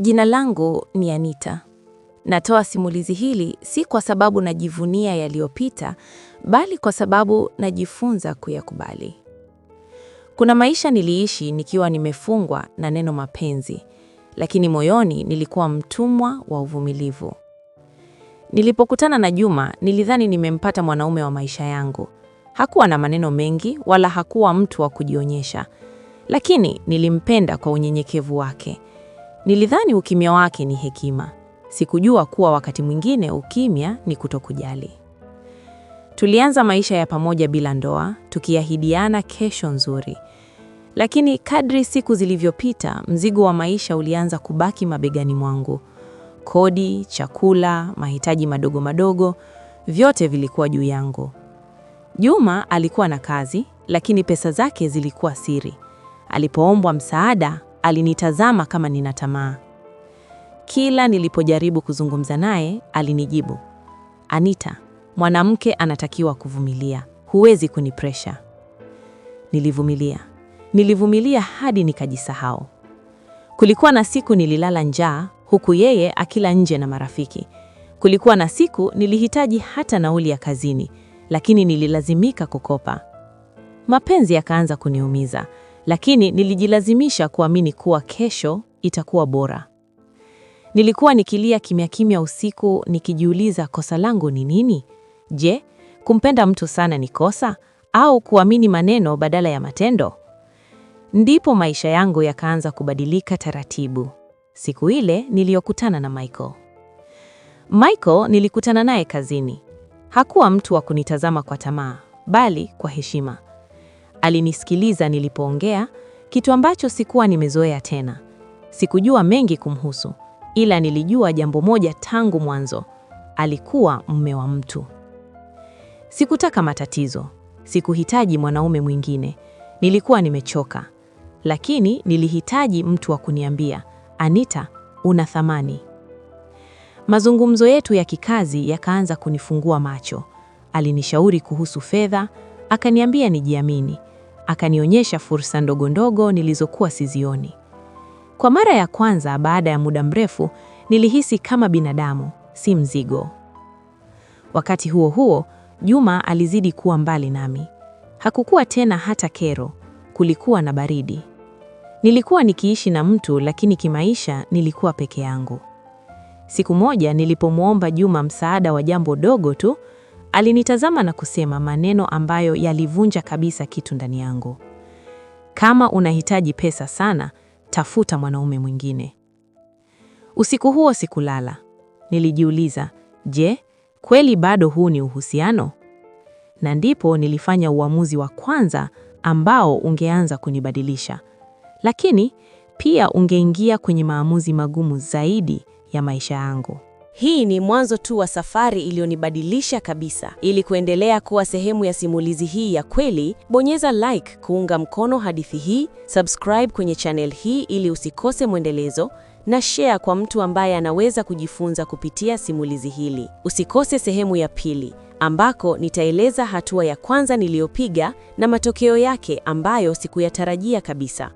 Jina langu ni Anita. Natoa simulizi hili si kwa sababu najivunia yaliyopita, bali kwa sababu najifunza kuyakubali. Kuna maisha niliishi nikiwa nimefungwa na neno mapenzi, lakini moyoni nilikuwa mtumwa wa uvumilivu. Nilipokutana na Juma, nilidhani nimempata mwanaume wa maisha yangu. Hakuwa na maneno mengi wala hakuwa mtu wa kujionyesha, lakini nilimpenda kwa unyenyekevu wake, Nilidhani ukimya wake ni hekima. Sikujua kuwa wakati mwingine ukimya ni kutokujali. Tulianza maisha ya pamoja bila ndoa, tukiahidiana kesho nzuri. Lakini kadri siku zilivyopita, mzigo wa maisha ulianza kubaki mabegani mwangu. Kodi, chakula, mahitaji madogo madogo, vyote vilikuwa juu yangu. Juma alikuwa na kazi, lakini pesa zake zilikuwa siri. Alipoombwa msaada, Alinitazama kama nina tamaa. Kila nilipojaribu kuzungumza naye, alinijibu, Anita, mwanamke anatakiwa kuvumilia, huwezi kunipresha. Nilivumilia, nilivumilia hadi nikajisahau. Kulikuwa na siku nililala njaa, huku yeye akila nje na marafiki. Kulikuwa na siku nilihitaji hata nauli ya kazini, lakini nililazimika kukopa. Mapenzi yakaanza kuniumiza lakini nilijilazimisha kuamini kuwa kesho itakuwa bora. Nilikuwa nikilia kimya kimya usiku nikijiuliza, kosa langu ni nini? Je, kumpenda mtu sana ni kosa au kuamini maneno badala ya matendo? Ndipo maisha yangu yakaanza kubadilika taratibu. Siku ile niliyokutana na Michael. Michael nilikutana naye kazini. Hakuwa mtu wa kunitazama kwa tamaa, bali kwa heshima. Alinisikiliza nilipoongea, kitu ambacho sikuwa nimezoea tena. Sikujua mengi kumhusu, ila nilijua jambo moja tangu mwanzo: alikuwa mme wa mtu. Sikutaka matatizo, sikuhitaji mwanaume mwingine, nilikuwa nimechoka. Lakini nilihitaji mtu wa kuniambia, Anita, una thamani. Mazungumzo yetu ya kikazi yakaanza kunifungua macho. Alinishauri kuhusu fedha, akaniambia nijiamini, akanionyesha fursa ndogo ndogo nilizokuwa sizioni. Kwa mara ya kwanza baada ya muda mrefu, nilihisi kama binadamu, si mzigo. Wakati huo huo, Juma alizidi kuwa mbali nami. Hakukuwa tena hata kero, kulikuwa na baridi. Nilikuwa nikiishi na mtu lakini kimaisha nilikuwa peke yangu. Siku moja nilipomwomba Juma msaada wa jambo dogo tu, Alinitazama na kusema maneno ambayo yalivunja kabisa kitu ndani yangu. Kama unahitaji pesa sana, tafuta mwanaume mwingine. Usiku huo sikulala. Nilijiuliza, je, kweli bado huu ni uhusiano? Na ndipo nilifanya uamuzi wa kwanza ambao ungeanza kunibadilisha, lakini pia ungeingia kwenye maamuzi magumu zaidi ya maisha yangu. Hii ni mwanzo tu wa safari iliyonibadilisha kabisa. Ili kuendelea kuwa sehemu ya simulizi hii ya kweli, bonyeza like kuunga mkono hadithi hii, subscribe kwenye channel hii ili usikose mwendelezo na share kwa mtu ambaye anaweza kujifunza kupitia simulizi hili. Usikose sehemu ya pili ambako nitaeleza hatua ya kwanza niliyopiga na matokeo yake ambayo sikuyatarajia kabisa.